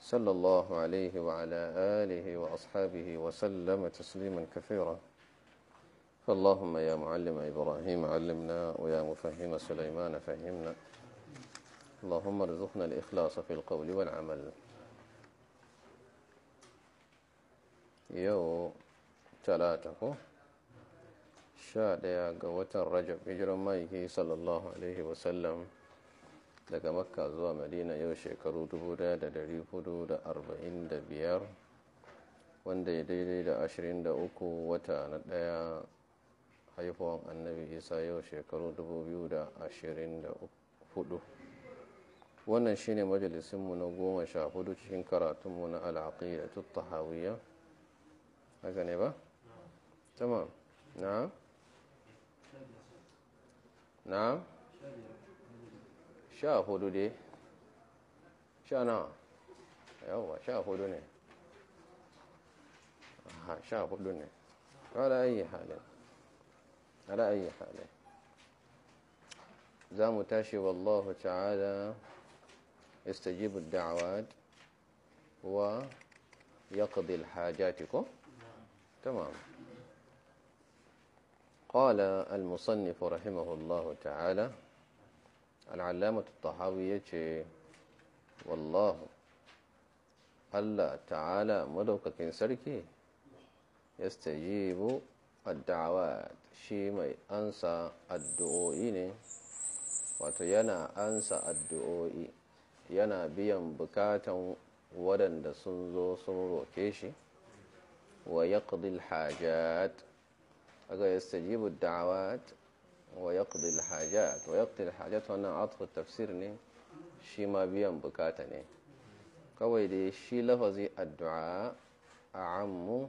صلى الله عليه وعلى آله وأصحابه وسلم تسليما كثيرا فاللهم يا معلم إبراهيم علمنا ويا مفهم سليمان فهمنا اللهم ارزقنا الإخلاص في القول والعمل يو تلاته شاد يا قوة الرجب يجرم مايكي صلى الله عليه وسلم daga makka zuwa madina yau shekaru 1445 wanda ya daidai da 23 wata na daya haifuwan annabi isa yau shekaru 2024 wannan shine majalisinmu na goma sha hudu cikin karatunmu na tutta tuttahawiyya haka ne ba? tamam na? na? شافوا دودي شانا يوا أيوة، شافوا دوني شافوا دوني على أي حال على أي حال زام تاشي والله تعالى يستجيب الدعوات ويقضي الحاجاتكم تمام قال المصنف رحمه الله تعالى al'alamatu tahawi ya ce wallahu allah ta'ala madaukakin sarki ya stajibu addawat shi mai ansa addu'o'i ne wato yana ansa addu'o'i yana biyan bukatan waɗanda sun zo sun roke shi wa ya ƙudil hajjat aga ya jibu da'awat ويقضي الحاجات ويقضي الحاجات وانا عطف التفسير ني شي ما بيان بكاتني ني كويدي شي لفظي الدعاء أعم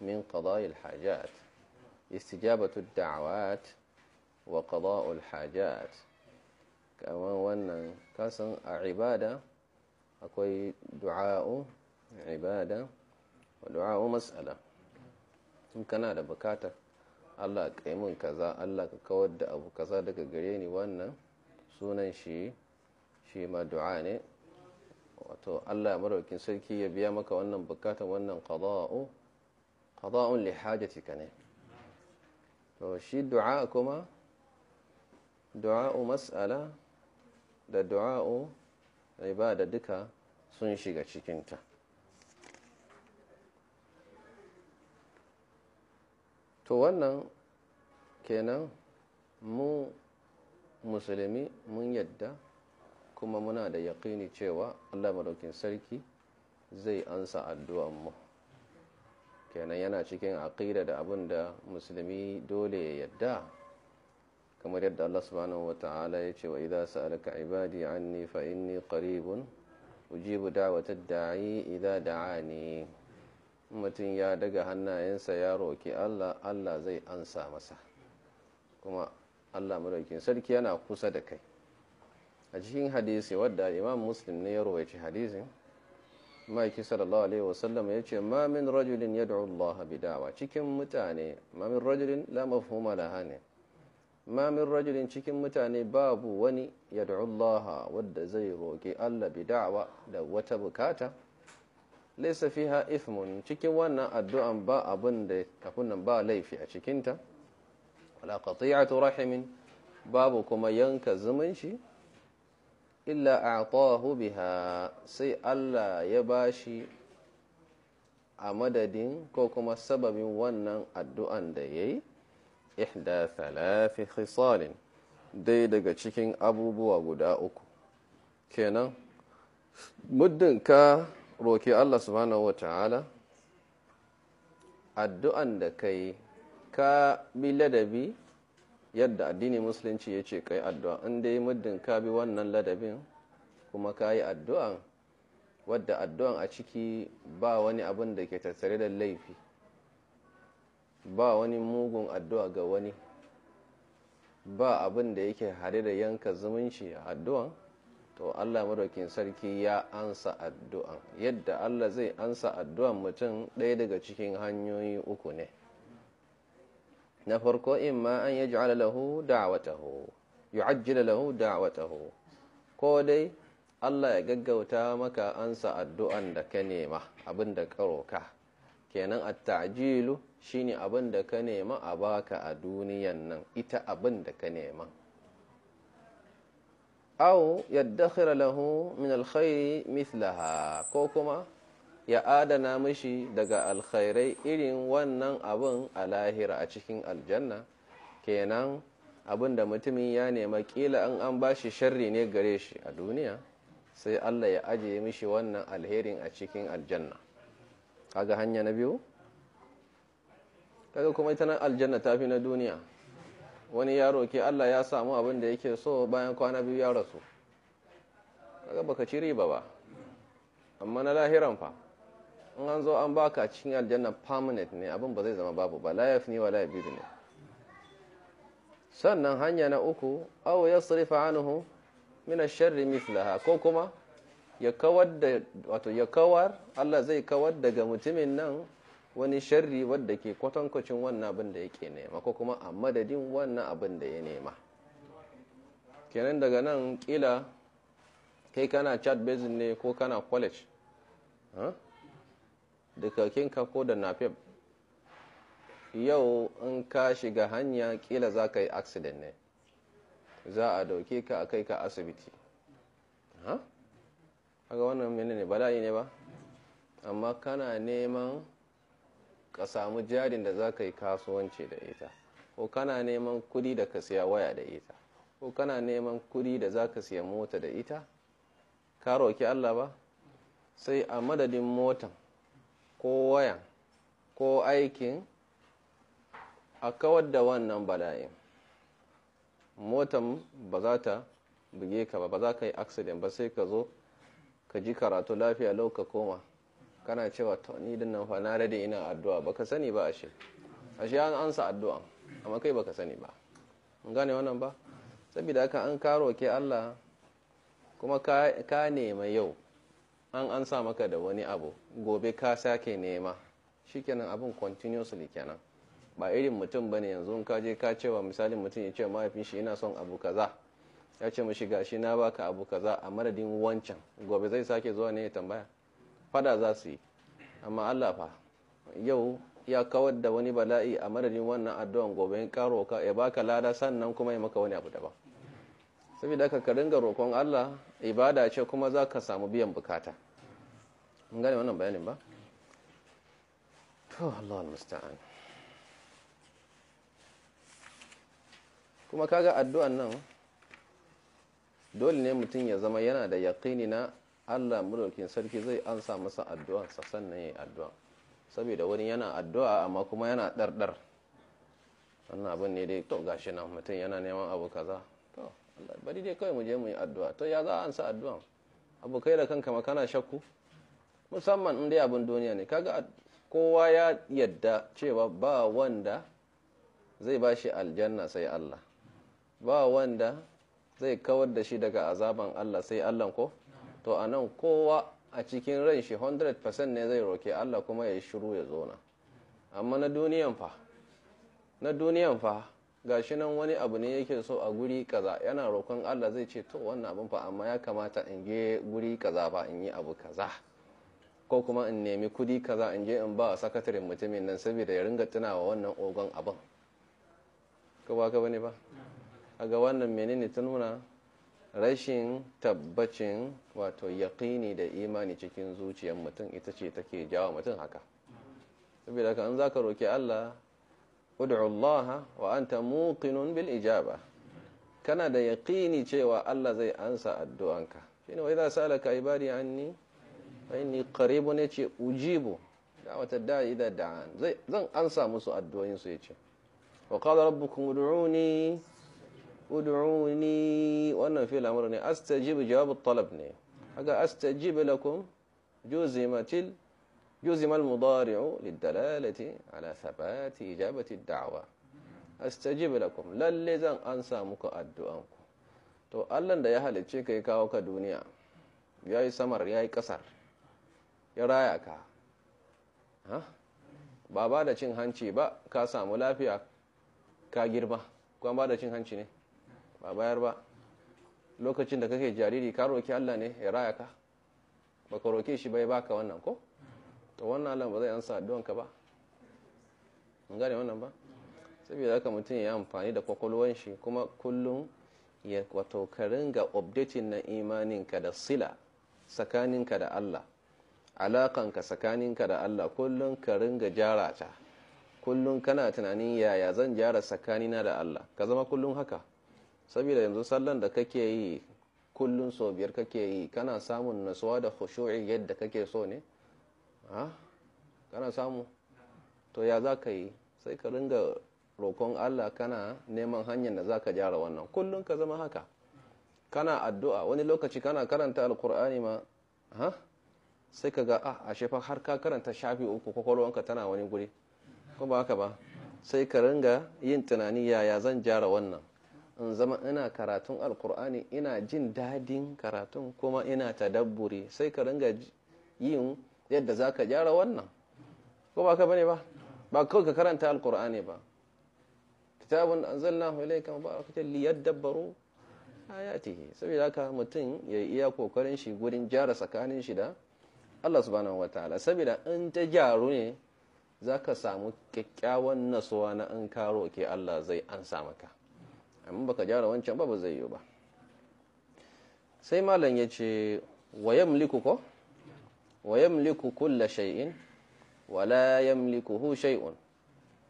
من قضاء الحاجات استجابة الدعوات وقضاء الحاجات كمان وانا كاسن عبادة أكوي دعاء عبادة ودعاء مسألة ممكن هذا بكاتك Allah ka kaza Allah ka kawar da abu kaza daga gare ni wannan sunan shi shi ma du'a ne wato Allah maraukin sarki ya biya maka wannan bukatan wannan qada'u qada'un li hajatika ne to shi du'a kuma du'a'u mas'ala da du'a'u ibada duka sun shiga cikinta to wannan kenan mu musulmi mun yadda kuma muna da yaƙini cewa allah maɗaukin sarki zai ansa mu kenan yana cikin aƙida da abin da musulmi dole ya yadda kamar yadda allah subhanahu wa ta'ala ya ce wa idha sa'alaka ibadi anni fa ni ƙaribun ujibu da'watad da'i idha da'ani mutum ya daga hannayensa ya roƙi Allah Allah zai ansa masa kuma Allah maraukin sarki yana kusa da kai a cikin hadisi wadda imam muslim ne ya rawaci hadisin maiki sallallahu alaihi wasallam ya ce ma min rajulin da'u Allah bi da'wa cikin mutane ma min rajulin la mafhuma laha ne ma min rajulin cikin mutane babu wani da'u Allah wadda zai roki Allah bi da'wa da wata bukata laysa fiha ithmun cikin wannan addu'an ba abin da kafin nan ba laifi a cikinta ta wala qati'atu rahimin babu kuma yanka zumunci illa a'tahu biha sai Allah ya bashi a madadin ko kuma sababin wannan addu'an da yayi ihda thalathi khisalin dai daga cikin abubuwa guda uku kenan muddin ka roki Allah subhanahu wata'ala addu'an da kai ka bi ladabi yadda addini musulunci ya ce kai addu'a inda dai muddin ka bi wannan ladabin kuma ka yi addu'an wadda addu'an a ciki ba wani abin da ke tattare da laifi ba wani mugun addu'a ga wani ba abin da yake hare da yanka zumunci a addu'an to Allah madaukin sarki ya ansa addu'an yadda Allah zai ansa addu'an mutum ɗaya daga cikin hanyoyi uku ne na farko in ma an yi ji'ala lahu da'watahu yu'ajjila lahu da'watahu ko dai Allah ya gaggauta maka ansa addu'an da ka nema abin da karo ka kenan at shi shine abin da ka nema a baka a duniyan nan ita abin da ka nema au yaddakhira lahu min alkhairi mithlaha ko kuma ya adana mishi daga alkhairai irin wannan abun a lahira a cikin aljanna kenan abin da mutumin ya nema kila an an bashi sharri ne gare shi a duniya sai Allah ya ajiye mishi wannan alherin a cikin aljanna kaga hanya na biyu kaga kuma ita nan aljanna tafi na duniya wani yaro ke Allah ya samu abin da yake so bayan kwana biyu ya rasu kaga baka ci riba ba amma na lahiran fa in an zo an baka cikin aljanna permanent ne abin ba zai zama babu ba la yafni wa la yabid ne sannan hanya na uku aw yasrifa anhu min ash sharr mithlaha ko kuma ya kawar da wato ya kawar Allah zai kawar daga mutumin nan wani sharri wadda ke kwatankwacin wannan abin da yake nema ko kuma a madadin wannan abin da ya nema kenan daga nan kila kai kana chad basin ne ko kana college da kakinka ko da nafib yau in ka shiga hanya kila za ka yi accident ne za a dauke ka a kai ka asibiti ha? aga wannan mini ne bala'i ne ba amma kana neman ka samu jarin da za ka yi kasuwanci da ita ko kana neman kudi da ka siya waya da ita ko kana neman kudi da za ka siya mota da ita ka roƙi Allah ba sai a madadin motan ko wayan ko aikin a kawar da wannan bala'in motan ba za ta buge ka ba ba za ka yi accident ba sai ka zo ka ji karatu lafiya lau ka koma kana cewa to ni din nan fa na dade ina addu'a baka sani ba ashe ashe an ansa addu'a amma kai baka sani ba mun gane wannan ba saboda haka an karo ke Allah kuma ka nema yau an ansa maka da wani abu gobe ka sake nema shi shikenan abin continuously kenan ba irin mutum bane yanzu ka je ka cewa misalin mutum ya ce mahaifin shi ina son abu kaza ya ce mashi gashi na baka abu kaza a madadin wancan gobe zai sake zuwa ne ya tambaya fada za su yi amma Allah fa yau ya kawar da wani bala'i a madadin wannan addu'an gobe in karo ka ya baka lada sannan kuma ya maka wani abu daban saboda ka ka ringa roƙon Allah ibada ce kuma za ka samu biyan bukata mun gane wannan bayanin ba to Allah musta'an kuma kaga addu'an nan dole ne mutum ya zama yana da yaqini na Allah mulkin sarki zai ansa masa addu'a sa sannan yayi addu'a saboda wani yana addu'a amma kuma yana dardar wannan abin ne dai to gashi nan mutum yana neman abu kaza to Allah bari dai kawai mu je mu yi addu'a to ya za a ansa addu'a abu kai da kanka ma kana shakku musamman in dai abin duniya ne kaga kowa ya yadda cewa ba wanda zai bashi aljanna sai Allah ba wanda zai kawar da shi daga azaban Allah sai Allah ko to a nan kowa a cikin ran shi 100% ne zai roke Allah kuma ya yi shiru ya zona amma na duniyan fa na duniyan fa gashi nan wani abu ne yake so a guri kaza yana roƙon Allah zai ce to wannan abin fa amma ya kamata in je guri kaza ba in yi abu kaza ko kuma in nemi kudi kaza in je in ba sakataren mutumin nan saboda ya ringa wa wannan ogon abin ka ba ka bane ba a ga wannan menene ta nuna rashin tabbacin wato yaƙini da imani cikin zuciyar mutum ita ce take jawo mutum haka saboda ka an zaka roki Allah ud'u Allah wa anta muqinun bil ijaba kana da yaqini cewa Allah zai ansa addu'anka shine wai za salaka ibadi anni fa inni qaribun yace ujibu da'wata da'i da da'an zan ansa musu addu'oyin su yace wa qala rabbukum ud'uni ادعوني وانا في الامر اني استجيب جواب طلبني استجيب لكم جزمت جزم المضارع للدلاله على ثبات اجابه الدعوه استجيب لكم للذان انسى مك ادعوكم تو الله ده يهلكه كي كاوك دنيا ياي سمر ياي قصر يا رايك ها بابا da cin hanci ba ka samu lafiya ka girma kuma ba da cin ba bayar ba lokacin da kake jariri ka roki Allah ne ya raya ka baka roke shi bai baka wannan ko to wannan Allah ba zai ansa addu'anka ba mun gane wannan ba saboda haka mutum ya amfani da kwakwalwan shi kuma kullum ya wato ka ringa updating na imaninka da sila tsakaninka da Allah alakanka tsakaninka da Allah kullum ka ringa jarata ta kullum kana tunanin yaya zan jara tsakanina da Allah ka zama kullum haka saboda yanzu sallan da kake yi kullun sau biyar kake yi kana samun nasuwa da khushu'i yadda kake so ne ha kana samu to ya za ka yi sai ka ringa roƙon Allah kana neman hanyar da za ka gyara wannan kullun ka zama haka kana addu'a wani lokaci kana karanta alkur'ani ma ha sai ka ga ah ashe fa har ka karanta shafi uku kwakwalwanka tana wani guri ko ba haka ba sai ka ringa yin tunani yaya zan gyara wannan in zama ina karatun alkur'ani ina jin dadin karatun kuma ina tadabburi sai ka ringa yin yadda za ka gyara wannan ko ba ka bane ba ba kawai ka karanta alkur'ani ba kitabun liyar ilayka mubarakatan ya ayatihi saboda haka mutum ya yi iya kokarin shi gudun gyara tsakanin shi da Allah subhanahu wataala saboda in ta gyaru ne za ka samu kyakkyawan nasuwa na in karo ke Allah zai an samu ka. amma baka gyara wancan ba ba zai yi ba sai malam ya ce wa yamliku ko wa yamliku kulla shay'in wala yamlikuhu shay'un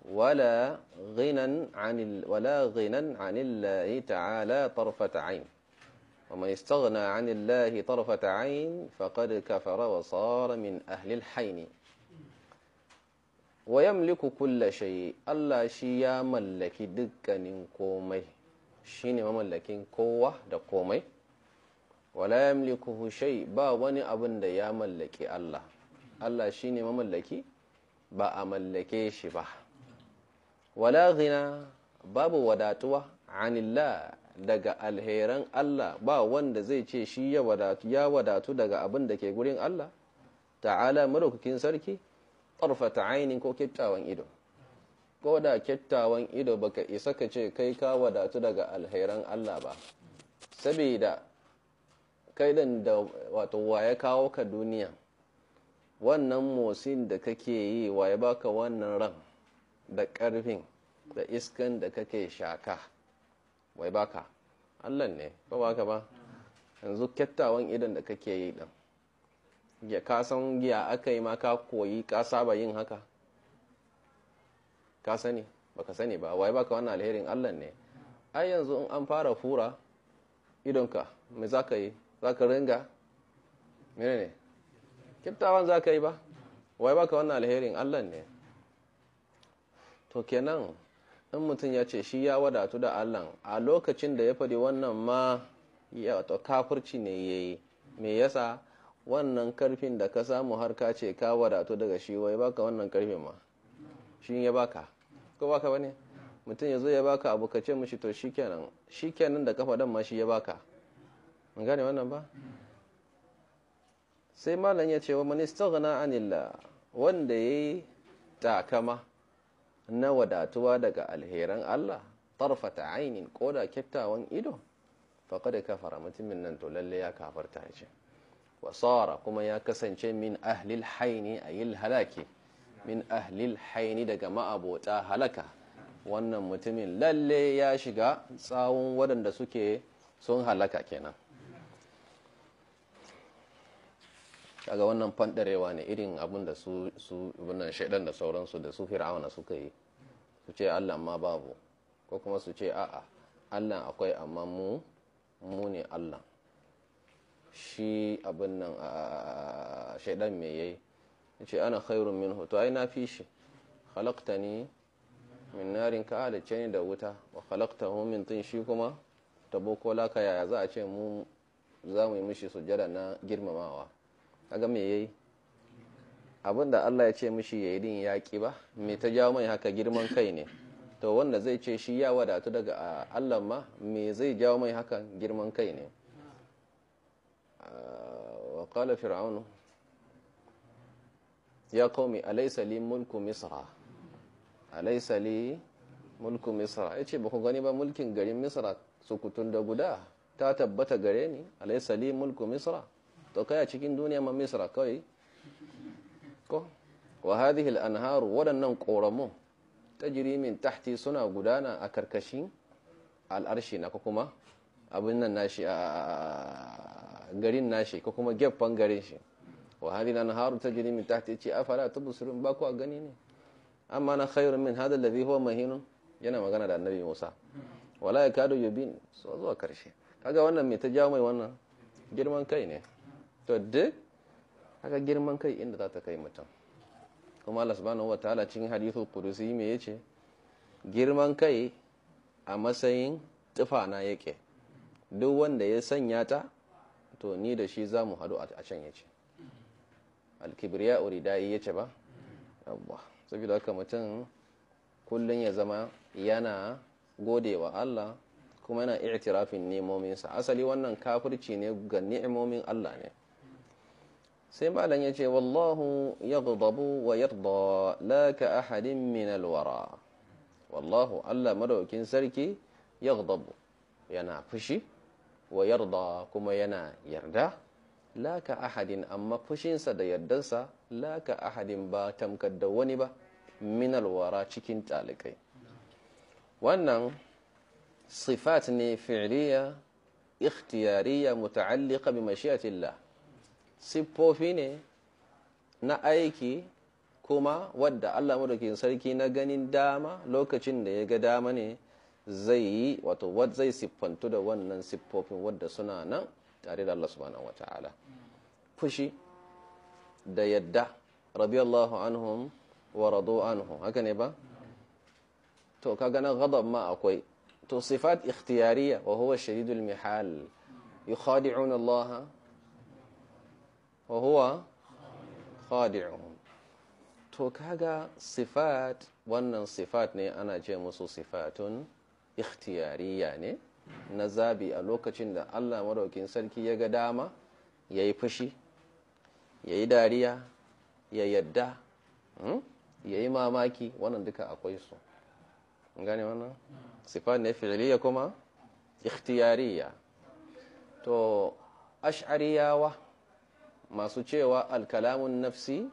wala ghinan 'anil wala ghinan 'anillahi ta'ala tarfat 'ain ومن استغنى عن الله طرفة عين فقد كفر وصار من أهل الحين ويملك كل شيء الله شي يا ملك دكن كومي shine mamallakin kowa da komai wala yamlikuhu shay ba wani abin da ya mallaki Allah Allah shine mamallaki ba a mallake shi ba wala ghina babu wadatuwa anillah daga alheran Allah ba wanda zai ce shi ya wadatu ya wadatu daga abin da ke gurin Allah ta'ala madaukakin sarki tarfata ainin ko kittawan ido ko da kyattawan ido baka isa ka ce kai ka wadatu daga alheran Allah ba saboda kai da wato waye kawo ka duniya wannan motsin da kake yi waye baka wannan ran da ƙarfin da iskan da kake shaka ya baka Allah ne ba baka ba yanzu kyattawan idan da kake yi din ya kasan giya aka yi ma ka koyi ka saba yin haka ka sani ba ka sani ba waye baka wannan alherin Allah ne ai yanzu in an fara fura idonka me ka yi za ka ringa mene menene kiftawan ka yi ba waye baka wannan alherin Allah ne to kenan in mutum ya ce shi ya wadatu da Allah a lokacin da ya faɗi wannan ma wato kafirci ne yayi me yasa wannan karfin da ka samu har ka ce ka wadatu daga shi wai baka wannan karfin ma shi ya baka ko baka bane mutum ya ya baka abu ka ce mishi to shikenan shikenan da kafa dan ma shi ya baka mun gane wannan ba sai malam ya ce wa man istaghna anillah wanda yayi takama na wadatuwa daga alheran Allah tarfata ainin koda kyaftawan ido faqad kafara mutumin nan to lalle ya kafarta ce wasara kuma ya kasance min ahlil haini ayil halaki min ahlil haini daga ma'abota halaka wannan mutumin lalle ya shiga tsawon waɗanda suke sun halaka kenan kaga wannan fandarewa ne irin abin da su wannan shaidan da sauransu da su fir'auna suka yi su ce allah ma babu ko kuma su ce a'a allah akwai amma mu mu ne allah shi abin nan ah, shaidan mai yayi ce ana khairun min hoto ai na fi shi ne min narin ka halicce ni da wuta wa khalaqtahu min tun shi kuma tabo ko laka yaya za a ce mu za mu yi mishi sujjada na girmamawa ga me yayi abinda Allah ya ce mishi yi din yaki ba me ta jawo mai haka girman kai ne to wanda zai ce shi ya wadatu daga Allah ma me zai jawo mai haka girman kai ne wa qala fir'aunu ya a alaysa li mulku misra alaysa li mulku misra yace ba ku gani ba mulkin garin misra sukutun da guda ta tabbata gare ni alaysa li mulku misra to kai a cikin duniya ma misra kawai ko wa hadhihi al-anharu wadannan qoramu tajri min tahti suna gudana a karkashin al'arshi na kuma abin nan nashi a garin nashi ko kuma gefan garin shi wa hadhihi al-anharu tajri min tahti ce afala tubsirun ba ku gani ne amma na khairun min hadha alladhi huwa yana magana da annabi Musa wala yakadu yubin so zuwa karshe kaga wannan me ta jawo mai wannan girman kai ne to duk haka girman kai inda za ta kai mutum kuma Allah subhanahu wataala cikin hadithul qudusi me yace girman kai a matsayin tufana yake duk wanda ya sanya ta to ni da shi za mu hadu a can yace alkibriya ya ce ba saboda haka mutum kullum ya zama yana godewa Allah kuma yana i'tirafin nemominsa asali wannan kafirci ne ga ni'imomin Allah ne sai malam ya ce wallahu ya gudabu wa yarda laka ahadin min alwara wallahu Allah madaukin sarki ya gudabu yana fushi wa yarda kuma yana yarda laka ahadin amma fushinsa da yardansa laka ahadin ba tamkar da wani ba minalwara cikin talikai wannan sifat ne fi'liya ikhtiyariya muta'alliqa bi mashiyatillah siffofi ne na aiki kuma wadda Allah madaukakin sarki na ganin dama lokacin da ya ga dama ne zai yi wato wadda zai siffantu da wannan siffofin wadda suna nan tare da Allah subhanahu wata'ala fushi da yadda radiyallahu anhum wa radu anhu haka ne ba to kaga na ghadab ma akwai to sifat ikhtiyariya wa huwa shadidul mihal yukhadi'un Allah wa huwa khadi'un to kaga sifat wannan sifat ne ana ce musu sifatun ikhtiyariya ne na zabi a lokacin da allah maraukin sarki ya ga dama ya yi fushi ya yi dariya ya yadda hmm, ya yi mamaki wannan duka akwai su gani wannan sifa ne fi'liya kuma ikhtiyariya to ash'ariyawa masu cewa alkalamun nafsi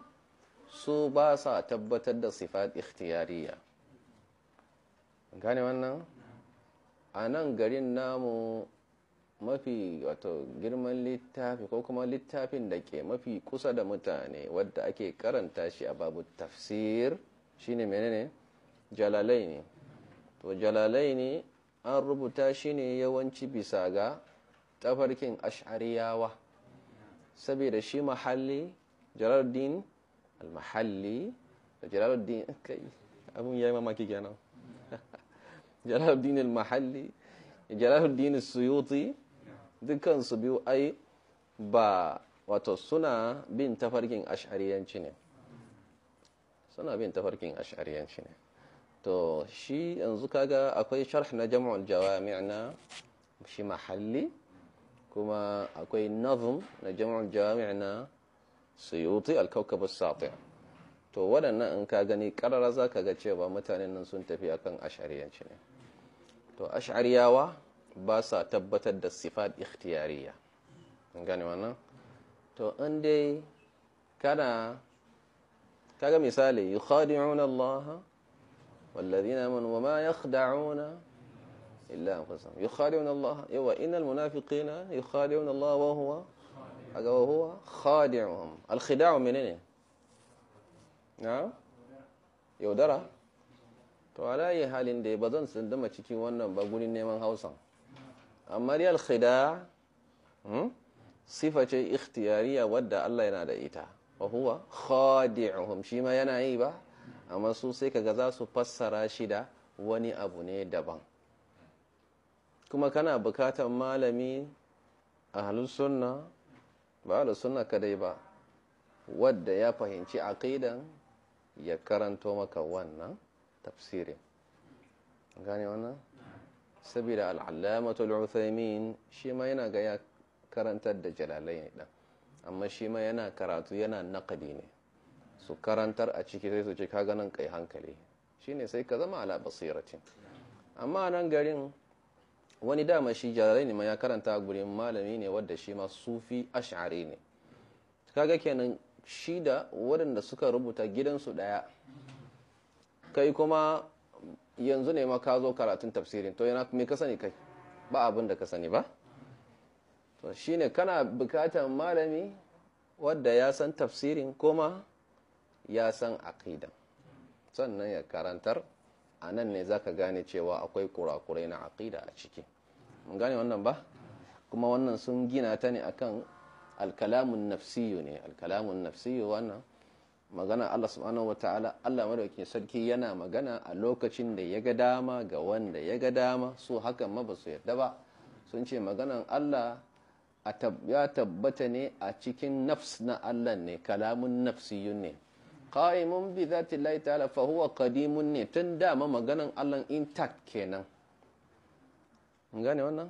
su ba sa tabbatar da sifat ikhtiyariya gani wannan a nan garin namu mafi wato girman littafi ko kuma littafin da ke mafi kusa da mutane wadda ake karanta shi a babu tafsir shi ne menene ne to jalalaini an rubuta shi ne yawanci bisa ga tafarkin ash'ariyawa saboda shi mahalli jalaluddin al-mahalli da jalaluddin kai yayi mamaki kenan جلال الدين المحلي جلال الدين السيوطي su biyu ai ba wato suna bin tafarkin ash'ariyanci ne suna bin tafarkin ash'ariyanci ne to shi yanzu kaga akwai sharh na jam'ul jawami' na shi mahalli kuma akwai nazm na jam'ul jawami' na suyuti al-kawkab as-sati' to waɗannan in ka gani ƙararra za ka ga cewa mutanen nan sun tafi akan ashariyanci ne to ashariyawa ba sa tabbatar da sifat ikhtiyariya gani wannan to in dai kana kaga misali yi khadi'una Allah wallazina amanu wama yakhda'una illa anfusahum yi khadi'una Allah yawa innal munafiqina yi khadi'una Allah wa huwa aga wa huwa khadi'uhum al khida'u minne ne na yaudara to alayi halin da ba zan dama cikin wannan ba neman hausan amma riyal khida hmm, sifa ce ikhtiyariya wadda Allah yana da ita wa huwa khadi'uhum shi ma yana yi ba amma su sai kaga za su fassara shi da wani abu ne daban kuma kana bukatan malami ahlus sunna ba ahlus sunna kadai ba wadda ya fahimci aqidan ya karanto maka wannan tafsirin gane wannan saboda al'allamatul uthaymin shi ma yana ga ya karantar da jalalai ne ɗan amma shi ma yana karatu yana naƙadi ne su karantar a ciki sai su ce ka ganin kai hankali shine sai ka zama ala basiratin amma nan garin wani dama shi jalalai ne ma ya karanta gurin malami ne wadda shi ma sufi ash'ari ne kaga kenan shi da waɗanda suka rubuta gidansu ɗaya kai kuma yanzu ne ma ka zo karatun tafsirin to yana mai ka sani kai ba abin da ka sani ba to shi ne kana bukatar malami wadda ya san tafsirin kuma ya san aqidan sannan ya karantar a nan ne za ka gane cewa akwai kurakurai na akida a ciki mun gane wannan ba kuma wannan sun gina ta ne akan alkalamun nafsiyu ne alkalamun nafsiyu wannan magana Allah subhanahu ta'ala Allah madaukakin sarki yana magana a lokacin da ya ga dama ga wanda ya ga dama su haka ma ba su yarda ba sun ce maganan Allah ya tabbata ne a cikin nafs na Allah ne kalamun nafsiyun ne qa'imun bi zati llahi ta'ala fa huwa qadimun ne tun dama maganan Allah intact kenan ngane wannan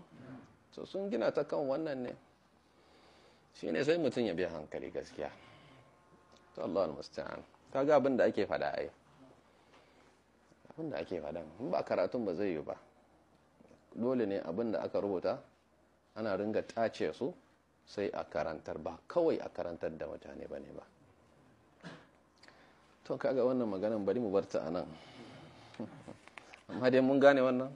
to sun gina ta kan wannan ne shi ne sai mutum ya bi hankali gaskiya to Allah al-musta'an ga abin da ake fada a abin da ake fada in ba karatun ba zai yi ba dole ne abin aka rubuta ana ringa tace su sai a karantar ba kawai a karantar da mutane ba ne ba to kaga wannan maganin bari mu barta anan amma dai mun gane wannan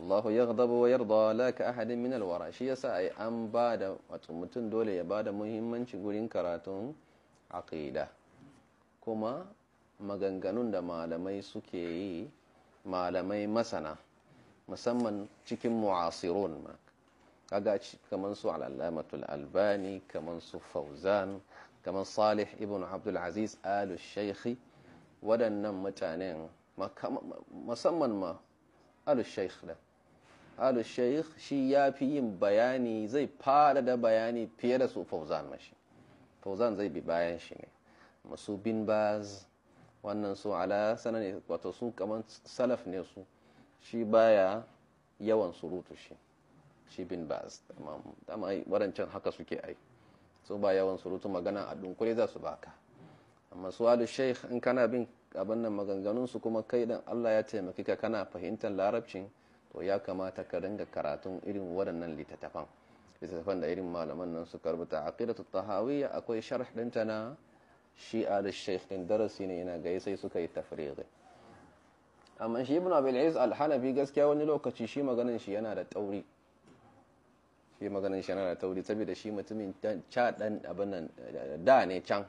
Allah ya wa yarda la ka ahadin min alwara shi yasa ai an bada wato mutum dole ya bada muhimmanci gurin karatun aqida kuma maganganun da malamai suke yi malamai masana musamman cikin mu'asirun ma kaga kaman su al'alamatul albani kaman su fauzan kaman salih ibn abdul aziz alu shaykhi waɗannan mutanen musamman ma alu shaykh da alu shaykh shi ya fi yin bayani zai fada da bayani fiye da su fauzan mashi fauzan zai bi bayan shi ne masu bin baz wannan su ala ne wato su kaman salaf ne su shi baya yawan surutu shi shi bin baz dama haka suke ai su ba yawan surutu magana a dunkule za su baka amma su al shaykh in kana bin abin nan maganganunsu kuma kai dan Allah ya taimaki ka kana fahimtar larabcin to ya kamata ka ringa karatun irin waɗannan littattafan littattafan da irin malaman nan suka rubuta aqidatu tahawiyya akwai sharh dinta na shi'a da shaykh din darasi ne ina ga sai suka yi tafriqi amma shi ibn abil is al-hanafi gaskiya wani lokaci shi maganin shi yana da tauri shi maganin shi yana da tauri saboda shi mutumin cha dan abin nan da ne can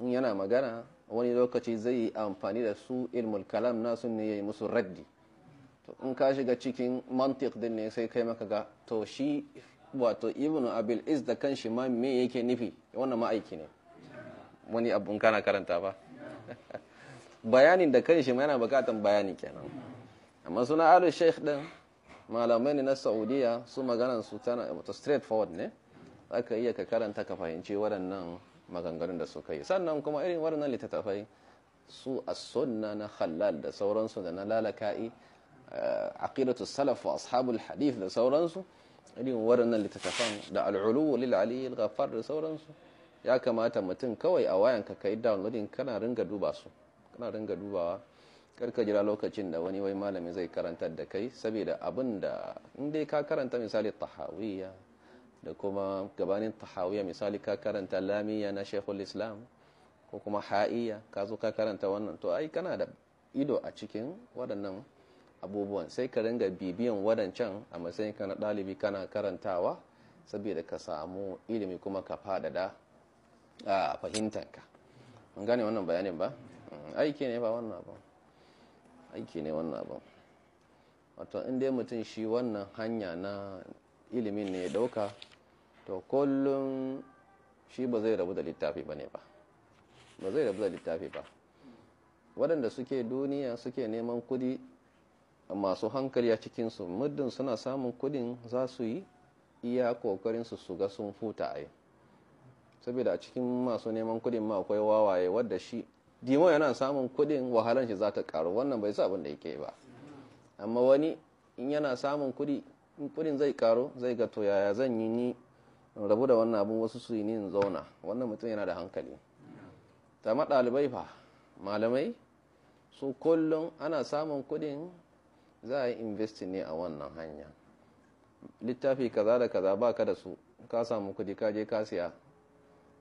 in yana magana wani lokaci zai yi amfani da su ilmul kalam nasu ne yayi musu raddi in ka shiga cikin mantik din ne sai kai maka ga to shi wato Ibn abil is da kanshi ma me yake nufi wannan ma'aiki ne wani abun kana karanta ba bayanin da kanshi ma yana bukatan bayani kenan amma suna alu sheikh din malamai ne na saudiya su maganan su tana wato straight forward ne aka iya ka karanta ka fahimci waɗannan maganganun da suka yi sannan kuma irin waɗannan littattafai su a sunna na halal da sauransu da na lalaka'i aqidatu salaf wa ashabul hadith da sauransu irin waɗannan littattafan da al'ulu lil ali da sauransu ya kamata mutum kawai a wayan ka kai downloading kana ringa duba su kana ringa dubawa karka jira lokacin da wani wai malami zai karanta da kai saboda abin da in dai ka karanta misali tahawiyya da kuma gabanin tahawiyya misali ka karanta lamiya na shekul islam ko kuma ha'iyya ka zo ka karanta wannan to ai kana da ido a cikin waɗannan abubuwan sai ka ringa bibiyan wadancan a matsayin ka na ɗalibi kana karantawa saboda ka samu ilimi kuma ka faɗaɗa a fahimtanka mun gane wannan bayanin ba mm, aiki ne ba wannan abu aiki ne wannan abu wato inda ya mutum shi wannan hanya na ilimin ne ya ɗauka to kullum shi ba zai rabu da littafi ba ne ba ba zai rabu da littafi ba waɗanda suke duniya suke neman kudi masu hankali a cikinsu muddin suna samun kudin za su yi iya kokarinsu su ga sun futa a yi. saboda a cikin masu neman kudin ma akwai wawaye wadda shi dimo yana samun kudin wahalar shi za ta karu wannan bai sa abin da yake ba amma wani in yana samun kudi in kudin zai karu zai ga to yaya zan yi ni rabu da wannan abin wasu su yi ni in zauna wannan mutum yana da hankali ta ɗalibai fa malamai su kullum ana samun kudin za a yi investi ne a wannan hanya littafi kaza da kaza ba ka da su ka samu kudi ka je ka siya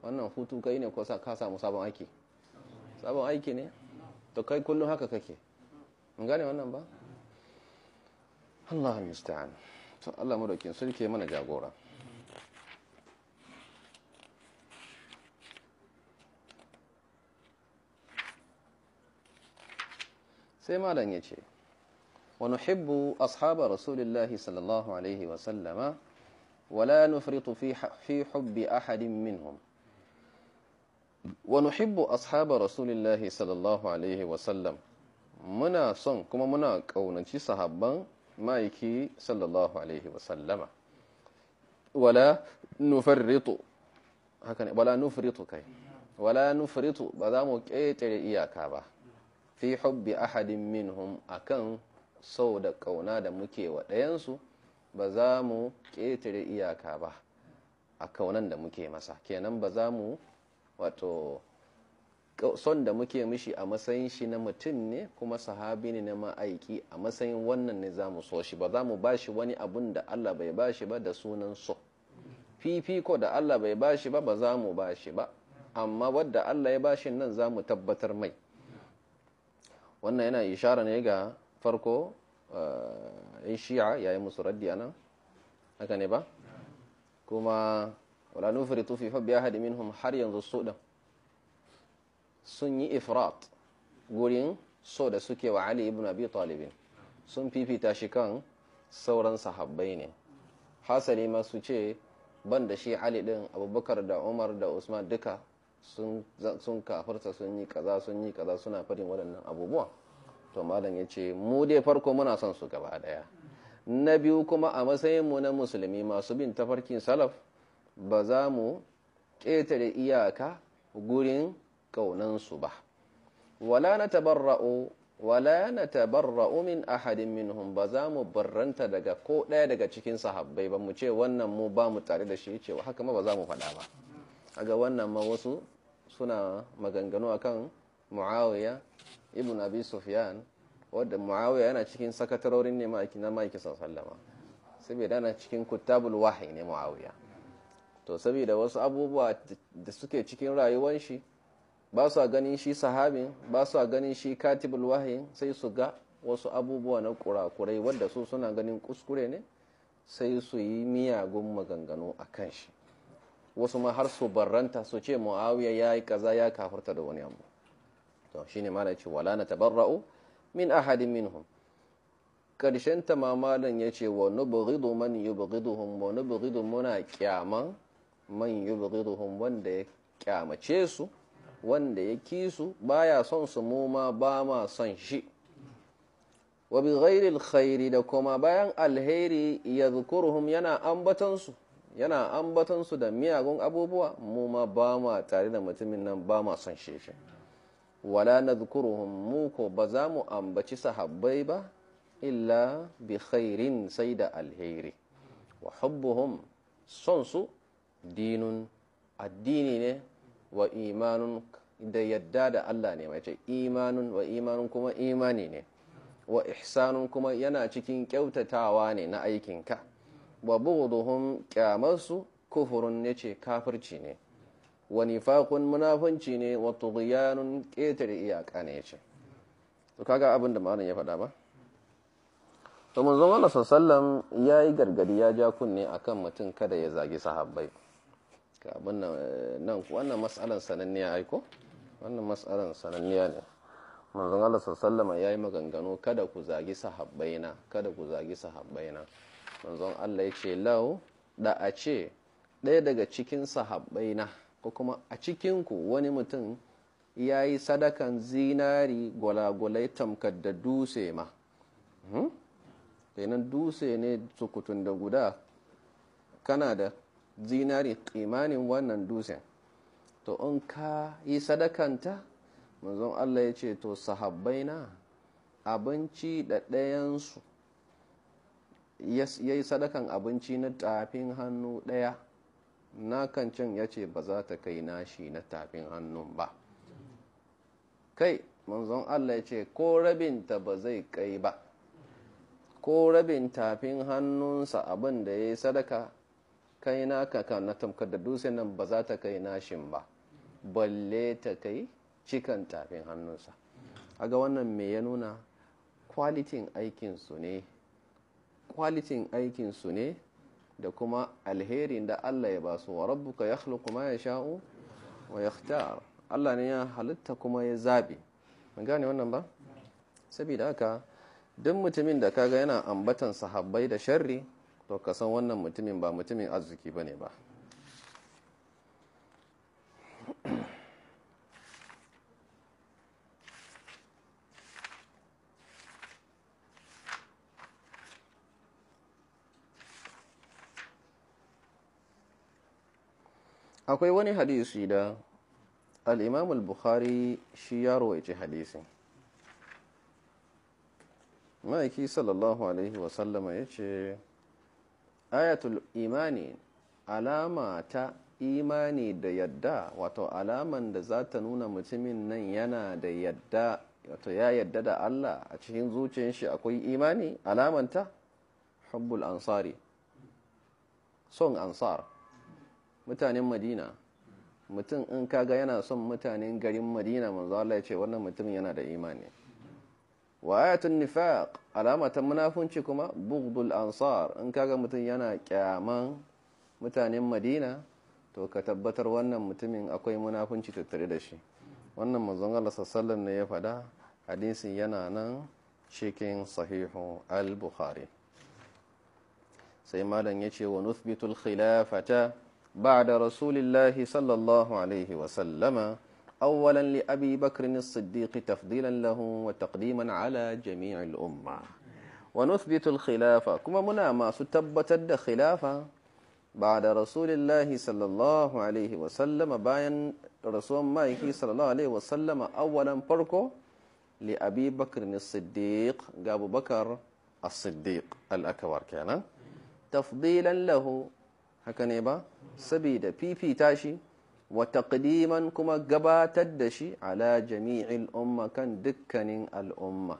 wannan hutu kai ne ko ka samu sabon aiki sabon aiki ne to kai kullum haka kake mun gane wannan ba Allah musta'an to Allah madaukin sulke mana jagora sai malam ya ce ونحب أصحاب رسول الله صلى الله عليه وسلم ولا نفرط في في حب أحد منهم ونحب أصحاب رسول الله صلى الله عليه وسلم منا صن كما منا كوننشي صحابا مايكي صلى الله عليه وسلم ولا نفرط هكذا ولا نفرط كي ولا نفرط بذا مو إياك في حب أحد منهم أكن sau da kauna da muke wa ɗayansu ba za mu ƙetare iyaka ba a kaunan da muke masa kenan ba za mu wato son da muke mishi a matsayin shi na mutum ne kuma sahabi ne na ma'aiki a matsayin wannan ne za mu so shi ba za mu ba shi wani abun da Allah bai ba shi ba da sunan so Fifi ko da Allah bai ba shi ba ba za mu ba shi ba amma wadda Allah ya ba shi nan za mu tabbatar mai wannan yana ishara ne ga farko in eh, shi'a ya yi musu raddi anan haka ne ba kuma wala nufiri tufi fabbi ya haɗi minhum har yanzu su ɗin sun yi ifrat gurin so da suke wa ali ibn abi talibin sun fifita shi kan sauran sahabbai ne hasali masu ce ban da shi ali ɗin abubakar da umar da usman duka sun kafarta sun yi kaza sun yi kaza suna fadin waɗannan abubuwa to malam ya ce mu dai farko muna son su gaba daya na biyu kuma a matsayin mu na musulmi masu bin tafarkin salaf ba za mu ƙetare iyaka gurin ƙaunansu ba wala na tabarra'u wala na tabarra'u min ahadin minhum ba za mu barranta daga ko ɗaya daga cikin sahabbai ba mu ce wannan mu ba mu tare da shi cewa haka ma ba za mu faɗa ba a ga wannan ma wasu suna maganganu akan muawiya ibn abi sufyan wadda muawiya yana cikin sakatarorin ne ma'aiki na ma'aiki sallama saboda yana cikin kuttabul wahi ne muawiya to saboda wasu abubuwa da suke cikin rayuwar shi ba su ganin shi sahabin ba su ganin shi katibul wahi sai su ga wasu abubuwa na kurakurai wadda su suna ganin kuskure ne sai su yi miyagun maganganu a kan shi wasu ma har su barranta su ce muawiya ya yi kaza ya kafurta da wani abu to shine malai ce wala na tabarra'u min ahadin minhum ƙarshen ta mamalan yace wa nubghidu man yubghiduhum wa nubghidu muna kyaman man yubghiduhum wanda ya kyamace su wanda ya ki su baya son su mu ma ba ma son shi wa bi ghairil khairi da kuma bayan alheri zukuruhum yana ambatan su yana ambatan su da miyagun abubuwa mu ma ba ma tare da mutumin nan ba ma son shi shi wala na zukuruhun muku ba za mu ambaci sahabbai ba illa bi khairin sai da alheri wa hubbuhum son su dinun addini ne wa imanun da yadda da Allah ne mai ce imanun wa imanun kuma imani ne wa ihsanun kuma yana cikin kyautatawa ne na aikinka wa buɗuhun kyamarsu kufurun ne ce kafirci ne wa nifaqun munafunci ne wa tughyanun ƙetare iyaka ne ce, to kaga abin da ma'anin ya faɗa ba to manzon sallam ya yayi gargadi ya ja kunne a kan mutum kada ya zagi sahabbai ka abin nan eh, wannan mas'alan sananniya aiko wannan mas'alan sananniya ne manzon Allah sallallahu yayi maganganu kada ku zagi sahabbaina kada ku zagi sahabbaina manzon Allah yace lau da a ce ɗaya daga cikin sahabbaina ko kuma a cikinku wani mutum ya yi sadakan zinari gwalagwalai tamkar da dutse ma hmm? kenan dutse ne sukutun da guda kana da zinari kimanin wannan dutsen to in ka yi sadakanta mazan Allah ya ce to sahabbai na abinci da ɗayansu ya yi sadakan abinci na tafin hannu ɗaya nakan can ya ce ba za ta kai nashi na tafin hannun ba kai manzon Allah ya ce ko rabinta ba zai kai ba ko rabin tafin hannunsa abin da ya yi sadaka kai naka ka na tamkar da dusin nan ba za ta kai nashin ba balle ta kai cikan tafin hannunsa A ga wannan mai ya nuna kwalitin aikinsu ne kwalitin aikinsu ne da kuma alherin da Allah ya basu wa rabbuka kuma ya sha'u wa yakhtar Allah ne ya halitta kuma ya zaɓi mun gane wannan ba saboda haka duk mutumin da kaga yana ambatan sahabbai da sharri to ka san wannan mutumin ba mutumin arziki bane ba akwai wani hadisi da al'imam al-bukhari shi ya rawaice hadisin ma'aiki sallallahu alaihi wasallama ya ce ayatul imani alama ta imani da yadda wato alaman da za ta nuna mutumin nan yana da yadda wato ya yadda da Allah a cikin zuciyar shi akwai imani alamanta hubbul ansari son ansar mutanen madina mutum in kaga yana son mutanen garin madina manzo Allah ya ce wannan mutum yana da imani wa ayatun nifaq alamatan munafunci kuma bughdul ansar in kaga mutum yana kyaman mutanen madina to ka tabbatar wannan mutumin akwai munafunci tattare da shi wannan manzo Allah sallallahu ne ya fada hadisin yana nan cikin sahihu al-bukhari sai malam yace wa nuthbitul khilafata بعد رسول الله صلى الله عليه وسلم أولا لأبي بكر الصديق تفضيلا له وتقديما على جميع الأمة ونثبت الخلافة كما منا ما ستبت خلافة بعد رسول الله صلى الله عليه وسلم باين رسول الله صلى الله عليه وسلم أولا فرقه لأبي بكر الصديق أبو بكر الصديق الأكبر كان تفضيلا له haka ne ba saboda fifita shi wa taqdiman kuma gabatar da shi ala jami'il umma kan dukkanin al'umma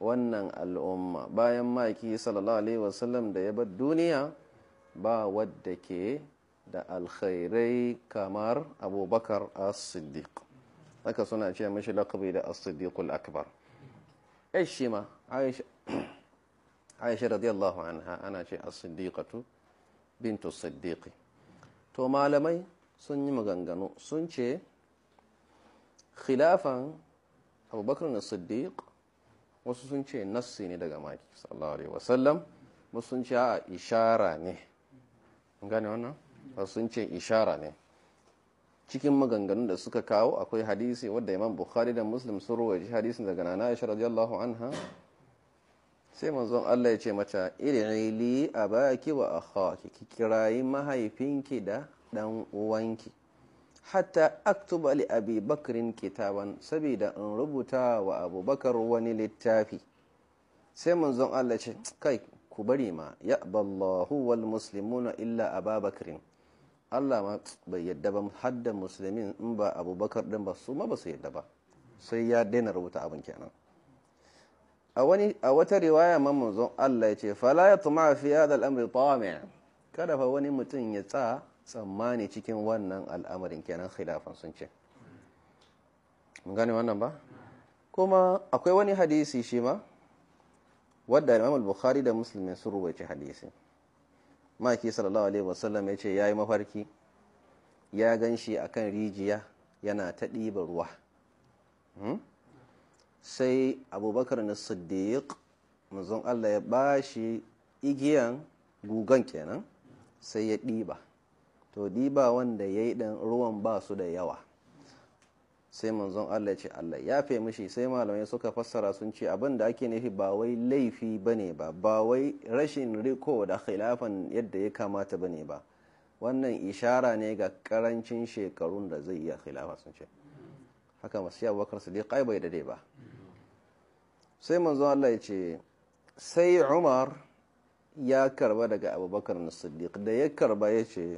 wannan al'umma bayan maki sallallahu alaihi wasallam da ya bar duniya ba wadda ke da alkhairai kamar abubakar as-siddiq haka suna ce mashi laqabi da as-siddiqul akbar ai shi ma aisha radiyallahu anha ana ce as-siddiqatu bintu siddiqi to malamai sun yi maganganu sun ce khilafan abubakar na siddiq wasu sun ce nassi ne daga maki sallallahu alaihi wasallam wasu sun ce a ishara ne gane wannan wasu sun ce ishara ne cikin maganganun da suka kawo akwai hadisi wadda imam bukhari da muslim sun ruwa ji hadisin daga nana aisha radiyallahu anha sai manzon Allah ya ce mata irili a baki wa akhaki ki kirayi mahaifinki da dan uwanki hatta aktuba li abi bakrin kitaban saboda in rubuta wa abubakar wani littafi sai manzon Allah ce kai ku bari ma ya ballahu wal muslimuna illa ababakrin Allah ma bai yadda ba hadda musulmin in ba abubakar din ba su ma ba su yadda ba sai ya daina rubuta abin kenan a wata riwaya mamman zon Allah ya ce fala ya tuma fi yadda al-amri kada fa wani mutum ya tsa tsammani cikin wannan al'amarin kenan khilafan sun ce gani wannan ba kuma akwai wani hadisi shi ma wadda Imam al-Bukhari da musulmi sun rubuce hadisi maki sallallahu alaihi wasallam ya ce ya yi mafarki ya ganshi kan rijiya yana ta ɗiba ruwa hmm? sai abubakar na siddiq manzon allah ya ba shi igiyan gugan kenan sai ya ɗiba to ɗiba wanda ya yi ɗan ruwan ba su da yawa sai manzon Allah ya ce Allah ya fi mishi sai malamai suka fassara sun ce abin da ake nufi ba wai laifi ne ba ba wai rashin riko da khilafan yadda ya kamata ba ne ba wannan ishara ne ga karancin shekarun da zai iya khilafa sun ce haka masu yawakar su dai bai da dai ba sai manzo Allah ya ce sai Umar ya karba daga Abubakar Siddiq da ya karba ya ce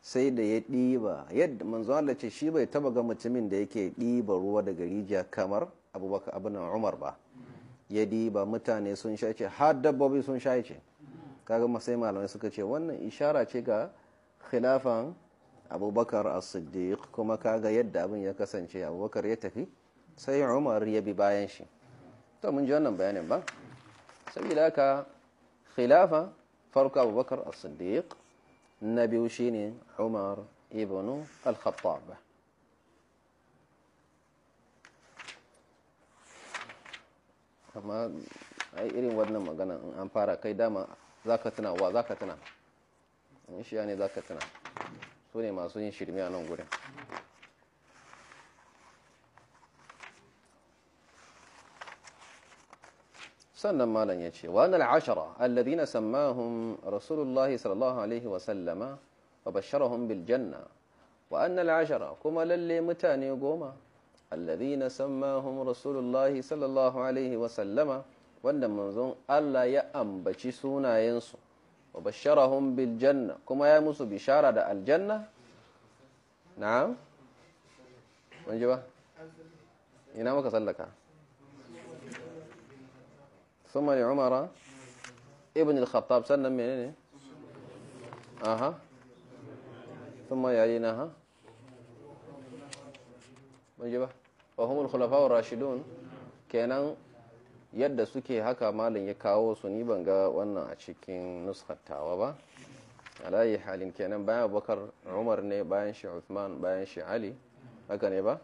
sai da ya diba yadda manzo Allah ce shi bai taba ga mutumin da yake ɗiba ruwa daga rijiya kamar Abubakar abin Umar ba ya diba mutane sun sha ce har dabbobi sun sha ce kaga sai malamai suka ce wannan ishara ce ga khilafan abubakar as-siddiq kuma kaga yadda abin ya kasance abubakar ya tafi sai umar ya bi bayan shi to mun ji wannan bayanin ba saboda haka khilafa farko Bakar as-siddiq nabi biyu shine umar ibn al-khattab amma ai irin wannan magana in an fara kai dama zaka tuna wa zaka tuna in shi ya ne zaka tuna su ne masu yin shirmiya nan gurin sannan malam ya ce wa annal ashara rasulullahi sallallahu alaihi wa basharahum bil janna wa annal ashara kuma lalle mutane goma alladhina sammahum rasulullahi sallallahu alaihi wanda manzon Allah ya ambaci sunayensu wa basharahum bil janna kuma ya musu bishara da aljanna na'am ba ina muka sallaka ثم لعمر ابن الخطاب sannan menene aha ثم يلينها ba wa humul khulafa'ur rashidun kenan yadda suke haka malin ya kawo su ni ban ga wannan a cikin nuskhatawa ba alayi halin kenan bayan abubakar umar ne bayan shi uthman bayan shi ali haka ne ba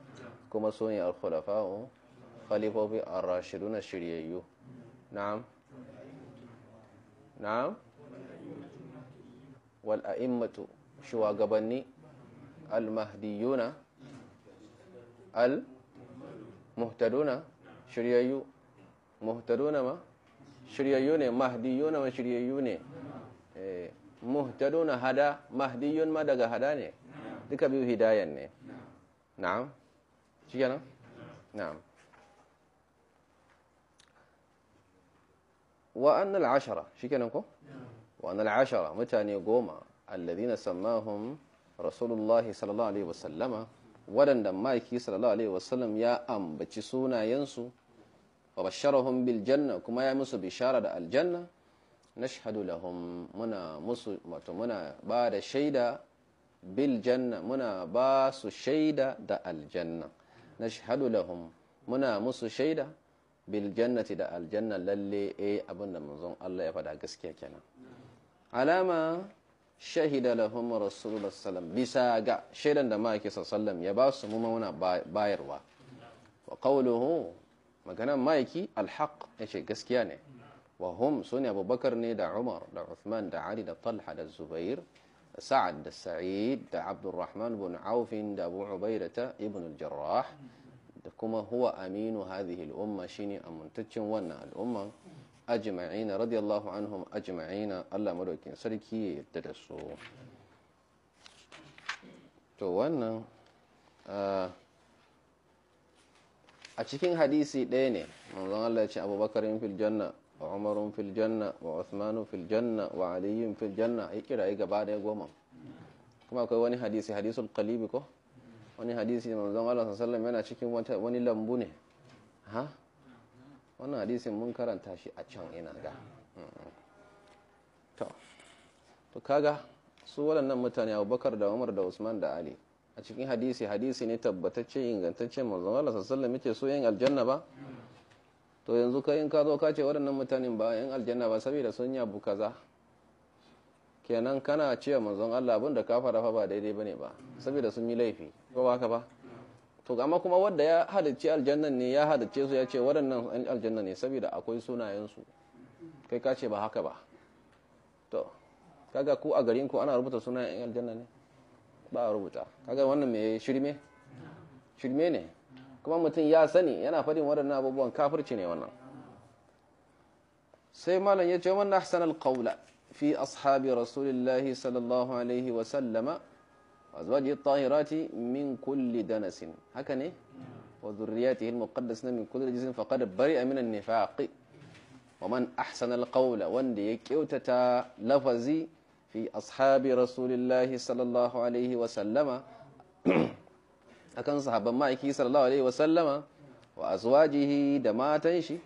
kuma su ne al-khulafa'u shiryayyu na'am na'am wal a'immatu shugabanni al mahdiyuna al muhtaduna shiryayyu muhtaduna mahdiyuna ma shiryayyu ne eh, muhtaduna hada mahdiyun ma daga hada ne duka biyu hidayan ne na'am shi na'am wa annal ashara shikenan ko wa annal ashara mutane goma alladhina sammahum rasulullahi sallallahu alaihi wasallama waɗanda maki sallallahu alaihi wasallam ya ambaci sunayensu wa basharahum bil janna kuma ya musu bishara da aljanna nashhadu lahum muna musu muna ba da shaida bil janna muna ba su shaida da aljanna nashhadu lahum muna musu shaida biljannati da aljanna lalle eh abinda manzon Allah ya faɗa gaskiya kenan alama shahida lahum rasulullah sallam bisa ga shaidan da ma'aikin sallam ya ba su mu mauna bayarwa wa qawluhu maganan ma'aiki alhaq yace gaskiya ne wa hum sunni abubakar ne da umar da uthman da ali da talha da zubair da sa'ad da sa'id da abdurrahman ibn auf da abu ubaidata ibn al-jarrah da kuma huwa aminu hadhihi al'umma shine amintaccen wannan al'umman ajma'ina radiyallahu anhum ajma'ina Allah madaukin sarki ya yarda da su to wannan ah, a cikin hadisi ɗaya ne manzon Allah ya ce in fil janna wa in fil janna wa in fil janna wa in fil janna ai kiraye gaba da goma kuma akwai wani hadisi hadisul qalibi ko wani hadisi manzon Allah sallallahu yana cikin wani lambu ne ha wannan hadisin mun karanta shi a can ina ga to to kaga su waɗannan mutane Abubakar da Umar da Usman da Ali a cikin hadisi hadisi ne tabbatacce ingantacce manzon Allah sallallahu alaihi so yin aljanna ba to yanzu kai in ka zo ka ce waɗannan mutanen ba yan aljanna ba saboda sun yabu kaza kenan kana cewa manzon Allah abin da ka fara fa ba daidai bane ba saboda sun yi laifi ko ba haka ba to amma kuma wanda ya halicci aljannan ne ya halicce su ya ce waɗannan aljanna ne saboda akwai sunayen su kai ka ce ba haka ba to kaga ku a garin ku ana rubuta sunayen aljanna ne ba a rubuta kaga wannan me shirme shirme ne kuma mutum ya sani yana faɗin waɗannan abubuwan kafirci ne wannan sai malam ya ce wannan ahsanal qawla في أصحاب رسول الله صلى الله عليه وسلم وأزواجه الطاهرات من كل دنس هكذا وذرياته المقدسة من كل رجس فقد برئ من النفاق ومن أحسن القول وندي كيوتتا لفزي في أصحاب رسول الله صلى الله عليه وسلم أكن صحابا معك صلى الله عليه وسلم وأزواجه دماتنشي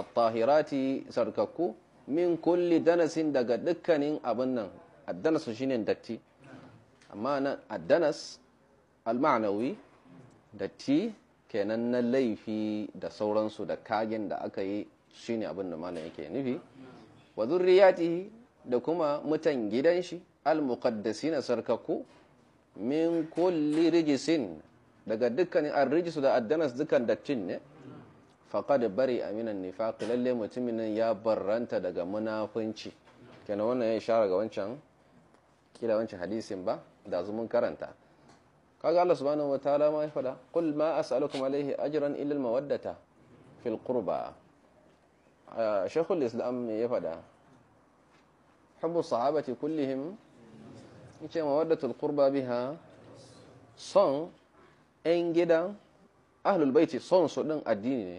الطاهرات سرككو min kulli danasin daga dukkanin abin nan addanasu shine datti amma nan addanas alma'anawi datti kenan na laifi da sauransu da kagen da aka yi shine abin da malam yake nufi wa zurriyatihi da kuma mutan gidan shi na sarkaku min kulli rijisin daga dukkanin arrijisu da addanas dukkan dattin ne faƙaɗa bari a minan nifaq lalle mutumin nan ya barranta daga munafunci kenan wannan ya ishara ga wancan kila wancan hadisin ba da zumun karanta kaga Allah subhanahu wataala ma ya fada qul ma as'alukum alayhi ajran illa al-mawaddata fil qurba shaykhul islam ya fada hubbu sahabati kullihim yace mawaddatul qurba biha son ƴan gidan ahlul baiti son su din addini ne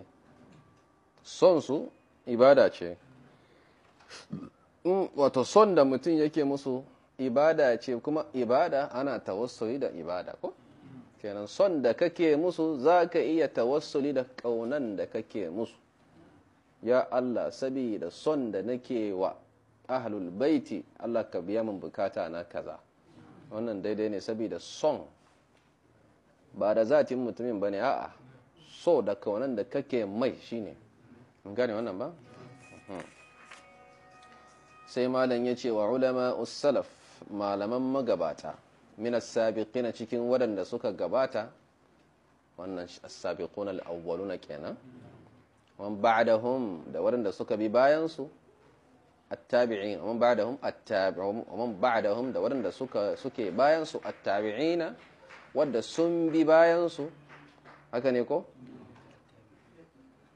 son su ibada ce wato son da mutum yake musu ibada ce kuma ibada ana tawassuli da ibada ko kenan son da kake musu za ka iya tawassuli da kaunan da kake musu ya Allah saboda son da nake wa ahlul baiti Allah ka biya min bukata na kaza wannan daidai ne saboda son ba da zatin mutumin bane a'a so da kaunan da kake mai shine gane wannan ba mhm. sai malam ya ce wa ulama usalaf malaman magabata minas sabiqina cikin waɗanda suka gabata wannan as-sabiquna al-awwaluna kenan wan ba'dahum da waɗanda suka bi bayan su at-tabi'in wan ba'dahum at-tabi'un wan ba'dahum da waɗanda suka suke bayan su at-tabi'ina wanda sun bi bayan su haka ne ko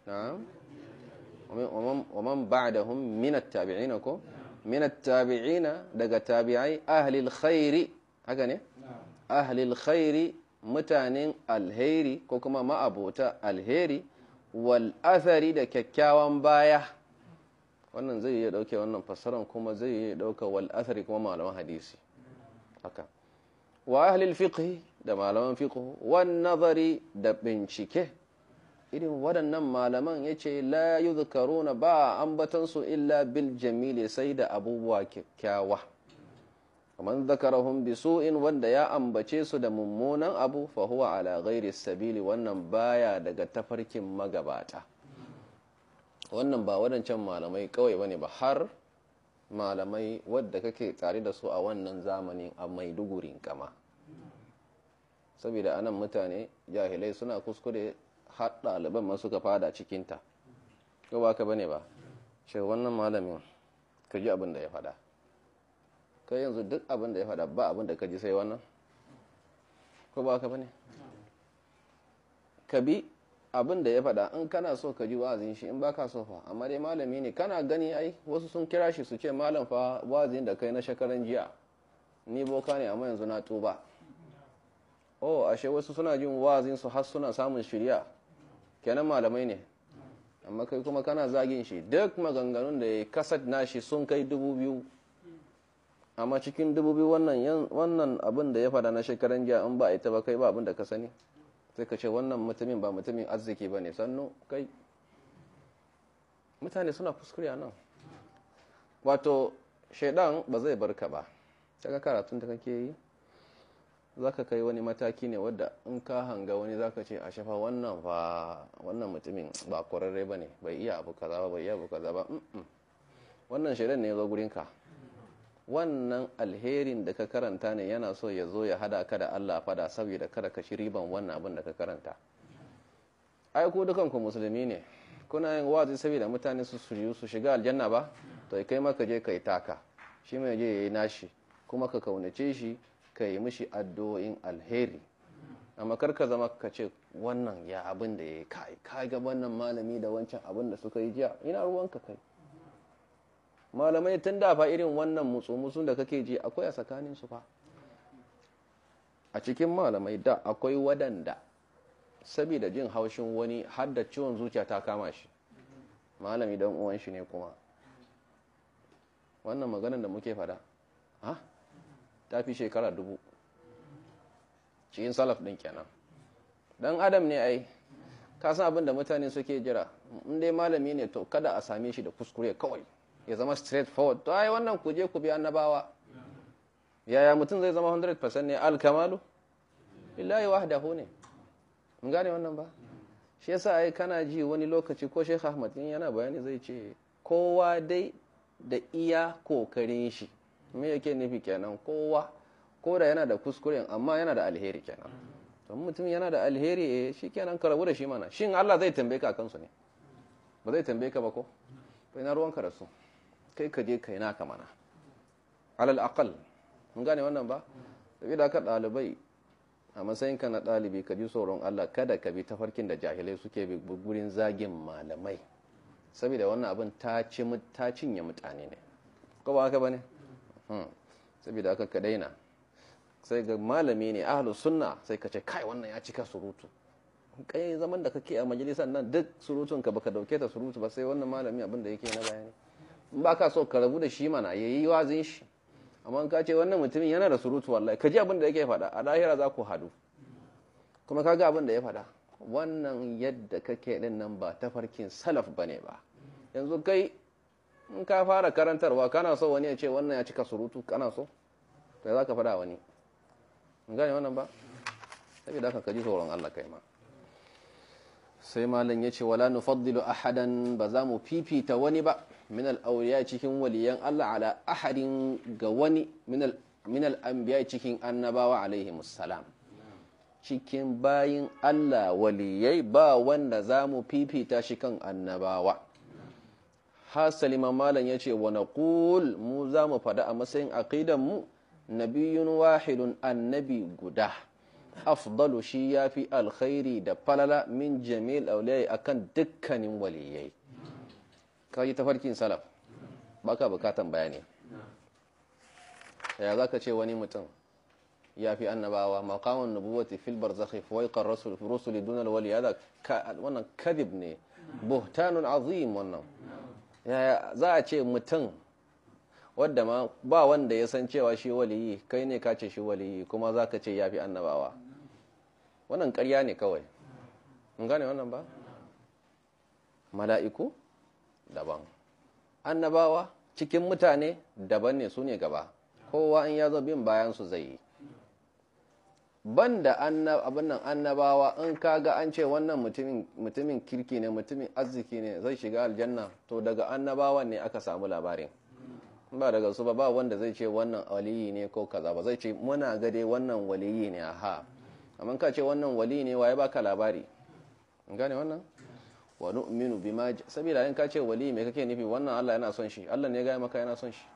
na'am wa man ba'dahum min at ko min at daga tabi'ai ahli haka ne ahli khairi mutanen alheri ko kuma ma'abota alheri wal da kyakkyawan baya wannan zai iya dauke wannan fassaran kuma zai iya dauka wal athari kuma malaman hadisi haka wa ahli al-fiqh da malaman fiqh wan nazari da bincike irin waɗannan malaman ya ce la yi zukaruna ba ambatansu illa bil jamile sai da abubuwa kyakkyawa kamar zakarahun in wanda ya ambace su da mummunan abu fahuwa ala ghairi sabili wannan baya daga tafarkin magabata wannan ba waɗancan malamai kawai ba ba har malamai wadda kake tare da su a wannan zamanin a maidugurin kama saboda anan mutane jahilai suna kuskure har ɗaliban ma suka fada cikinta ko ba ka bane ba ce wannan malamin ka ji abin da ya fada kai yanzu duk abin da ya fada ba abin da ka ji sai wannan ko ba ka bane ka bi abin da ya fada in kana so ka ji wazin shi in baka so fa amma dai malami ne kana gani ai wasu sun kira shi su ce malam fa wazin da kai na shekaran jiya ni boka ne amma yanzu na tuba oh ashe wasu suna jin wazin su har suna samun shirya kenan malamai ne amma kai kuma kana zagin shi duk maganganun da ya kasat nashi sun kai dubu biyu amma cikin dubu biyu wannan abin da ya fada na shekaran jiya in ba a ita ba kai ba abin da ka sani sai ka ce wannan mutumin ba mutumin arziki ba ne sannu kai mutane suna kuskure nan wato shaidan ba zai barka ba daga karatun da kake yi za ka kai wani mataki ne wadda in ka hanga wani za ka ce a shafa wannan fa wannan mutumin ba kwararre ba ne bai iya abu kaza ba bai iya abu kaza ba wannan shirin ne ya zo ka. wannan alherin da ka karanta ne yana so ya zo ya hada ka da Allah fada saboda kada ka shi riban wannan abin da ka karanta ai ku dukan ku musulmi ne kuna yin wazi saboda mutane su su su shiga aljanna ba to kai maka je kai taka shi mai je yayi nashi kuma ka kaunace shi ka yi mishi addu'o'in alheri amma kar ka zama ka ce wannan ya abin da ya kai ka ga wannan malami da wancan abin da suka yi jiya ina ruwanka kai malamai tun da irin wannan mutsu musun da kake ji akwai a tsakanin su fa a cikin malamai da akwai wadanda saboda jin haushin wani har da ciwon zuciya ta kama shi malami dan uwan shi ne kuma wannan maganar da muke fada ah, ta fi shekara dubu cikin salaf ɗin kenan dan adam ne ai ka san abin da mutane suke jira in dai malami ne to kada a same shi da kuskure kawai ya zama straight forward to ai wannan kuje ku bi annabawa yaya mutum zai zama 100% ne alkamalu lillahi wahdahu ne mun gane wannan ba shi yasa ai kana ji wani lokaci ko Sheikh Ahmad in yana bayani zai ce kowa dai da iya kokarin shi me yake nufi kenan kowa ko da yana da kuskuren amma yana da alheri kenan to mutum yana da alheri eh shikenan ka rabu da shi mana shin Allah zai tambaye ka kansu ne ba zai tambaye ka ba ko bai na ruwanka da su kai ka je kai naka mana alal aqal mun gane wannan ba saboda ka dalibai a matsayin ka na dalibi ka ji tsoron Allah kada ka bi tafarkin da jahilai suke bi gurin zagin malamai saboda wannan abin ta ci ta cinye mutane ne ko ba haka bane Hmm. saboda aka ka daina sai ga malami ne ahlus sunna sai ka ce kai wannan ya cika surutu kai zaman da kake a majalisar nan duk surutun ka baka dauke ta surutu ba sai wannan malami abin da yake na bayani ba ka so ka rabu da shi mana yayi wazin shi amma ka ce wannan mutumin yana da surutu wallahi ka ji abin da yake faɗa a lahira za ku hadu kuma ka ga abinda ya faɗa wannan yadda kake din nan ba farkin salaf bane ba yanzu kai in ka fara karantarwa kana so wani ya ce wannan ya cika surutu kana so sai za ka fada wani gane wannan ba saboda haka ka ji tsoron Allah kai ma sai malam ya ce wala a ahadan ba za mu fifita wani ba min al'auriya cikin waliyan Allah ala ahadin ga wani min al'ambiya cikin annabawa alaihi musalam cikin bayin Allah waliyai ba wanda za mu fifita shi kan annabawa hasalima malam ya ce wa naqul mu za mu faɗa a matsayin aqidan mu nabiyun wahidun annabi guda afdalu shi ya fi alkhairi da falala min jami'il auliyai akan dukkanin waliyai kaji tafarkin salaf ka bukatan bayani ya ka ce wani mutum ya fi annabawa maqamun nubuwati fil barzakhi fawqa ar-rusul rusuli dunal wannan kadib ne buhtanun azim wannan za a ce mutum wadda ma ba wanda ya san cewa shi waliyi kai ne ka ce shi waliyi kuma za ka ce ya fi annabawa wannan karya ne kawai in gane wannan ba mala'iku daban annabawa cikin mutane daban ne su ne gaba kowa in ya zo bin bayansu zai yi banda abin abinnan annabawa in kaga an ce wannan mutumin kirki ne mutumin arziki ne zai shiga aljanna to daga annabawan ne aka samu labarin ba daga su ba ba wanda zai ce wannan waliyi ne ko kaza ba zai ce muna gade wannan waliyi ne aha amma ka ce wannan waliyi ne waye baka labari gane wannan wa nu'minu bima sabila in ka ce waliyi me kake nufi wannan Allah yana son shi Allah ne ya ga maka yana son shi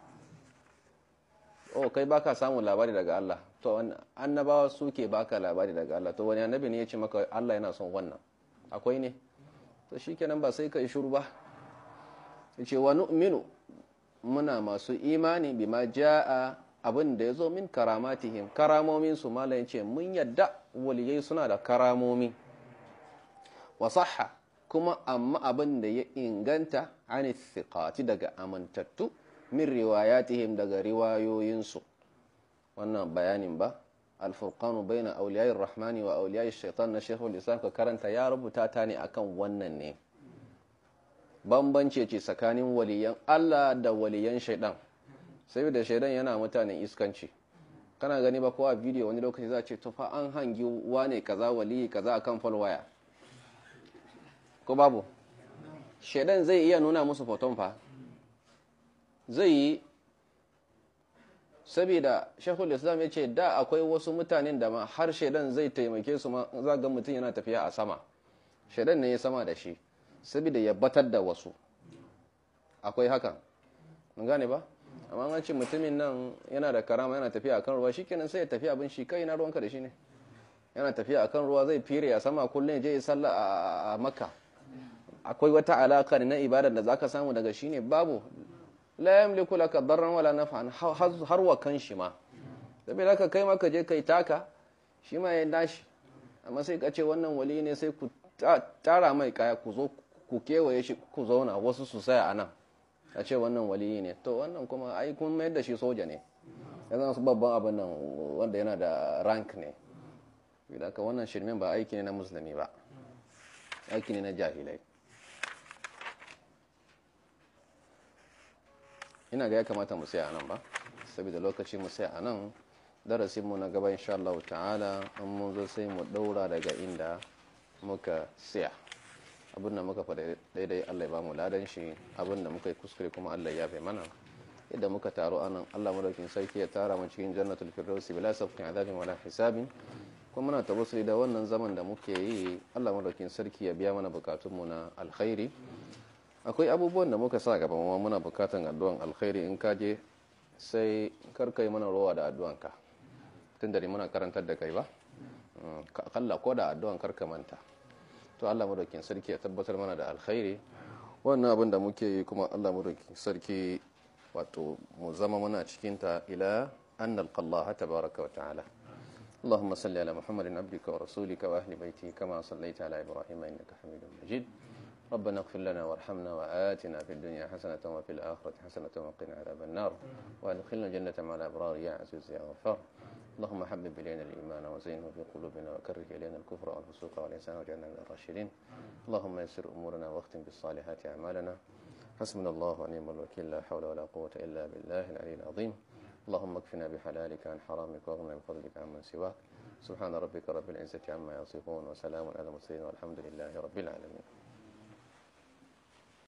oh kai baka samun labari daga Allah to annabawa suke baka labari daga Allah to wani annabi ne ya ce maka Allah yana son wannan akwai ne to shikenan ba sai ka yi shuru ba yace wa nu'minu muna masu imani bima jaa abin da yazo min karamatihim karamomin su mallan yace mun yadda waliyai suna da karamomi wa sahha kuma amma abin da ya inganta anithiqati daga amintattu min riwayatihim daga riwayoyinsu wannan bayanin ba alfurkanu bai na auliyayin rahmani wa auliyayin shaitan na shekul islam ka karanta ya rubuta ta ne akan wannan ne bambance ce tsakanin waliyan allah da waliyan shaidan sai da shaidan yana mutanen iskanci kana gani ba kowa bidiyo wani lokaci za a ce tufa an hangi wane kaza waliyi kaza akan falwaya ko babu shaidan zai iya nuna musu foton fa zai yi saboda shekul islam ya ce da akwai wasu mutanen da ma har shaidan zai taimake su ma zagan mutum yana tafiya a sama shaidan ne ya sama da shi saboda ya batar da wasu akwai hakan mun gane ba amma an ce mutumin nan yana da karama yana tafiya akan ruwa shikenan sai ya tafi abin shi kai na ruwanka da shi ne yana tafiya akan ruwa zai fire a sama kullum je ya salla a makka akwai wata alaka na ibadar da zaka samu daga shi ne babu la yamliku laka darran wala naf'an har wa kan shi ma saboda ka kai maka je kai taka shi ma ya dashi amma sai ka ce wannan wali ne sai ku tara mai kaya ku zo ku kewaye shi ku zauna wasu su saya anan a ce wannan wali ne to wannan kuma ai kun mayar da shi soja ne ya zama su babban abin nan wanda yana da rank ne idan ka wannan shirmin ba aiki ne na musulmi ba aiki ne na jahilai ina ga ya kamata mu sai a nan ba saboda lokaci mu sai a nan mu na gaba insha Allah ta'ala an mun zo sai mu daura daga inda muka siya abin da muka faɗa daidai Allah ya ba mu ladan shi abin da muka yi kuskure kuma Allah ya bai mana yadda muka taro anan Allah madaukin sarki ya tara mu cikin jannatul firdausi bila safkin azabi wala hisabin kuma muna tabbasiri da wannan zaman da muke yi Allah madaukin sarki ya biya mana bukatunmu na alkhairi akwai abubuwan da muka sa gaba ma muna bukatan addu'an alkhairi in kaje je sai karkai mana rowa da addu'anka tun da ni muna karantar da kai ba mm, kalla ko da addu'an karka manta to Allah madaukin sarki ya tabbatar mana da alkhairi wannan abin da muke yi kuma Allah madaukin sarki wato mu zama muna cikin ta ila annal qallaha tabaaraka wa ta'ala اللهم صل على محمد عبدك ورسولك واهل بيته كما صليت على ابراهيم انك حميد مجيد ربنا اغفر لنا وارحمنا وآتنا في الدنيا حسنة وفي الآخرة حسنة وقنا عذاب النار وأدخلنا الجنة مع الأبرار يا عزيز يا غفار اللهم حبب إلينا الإيمان وزينه في قلوبنا وكره إلينا الكفر والفسوق والإنسان واجعلنا من الراشدين اللهم يسر أمورنا واختم بالصالحات أعمالنا حسبنا الله ونعم الوكيل لا حول ولا قوة إلا بالله العلي العظيم اللهم اكفنا بحلالك عن حرامك واغنى بفضلك عمن سواك سبحان ربك رب العزة عما يصفون وسلام على المرسلين والحمد لله رب العالمين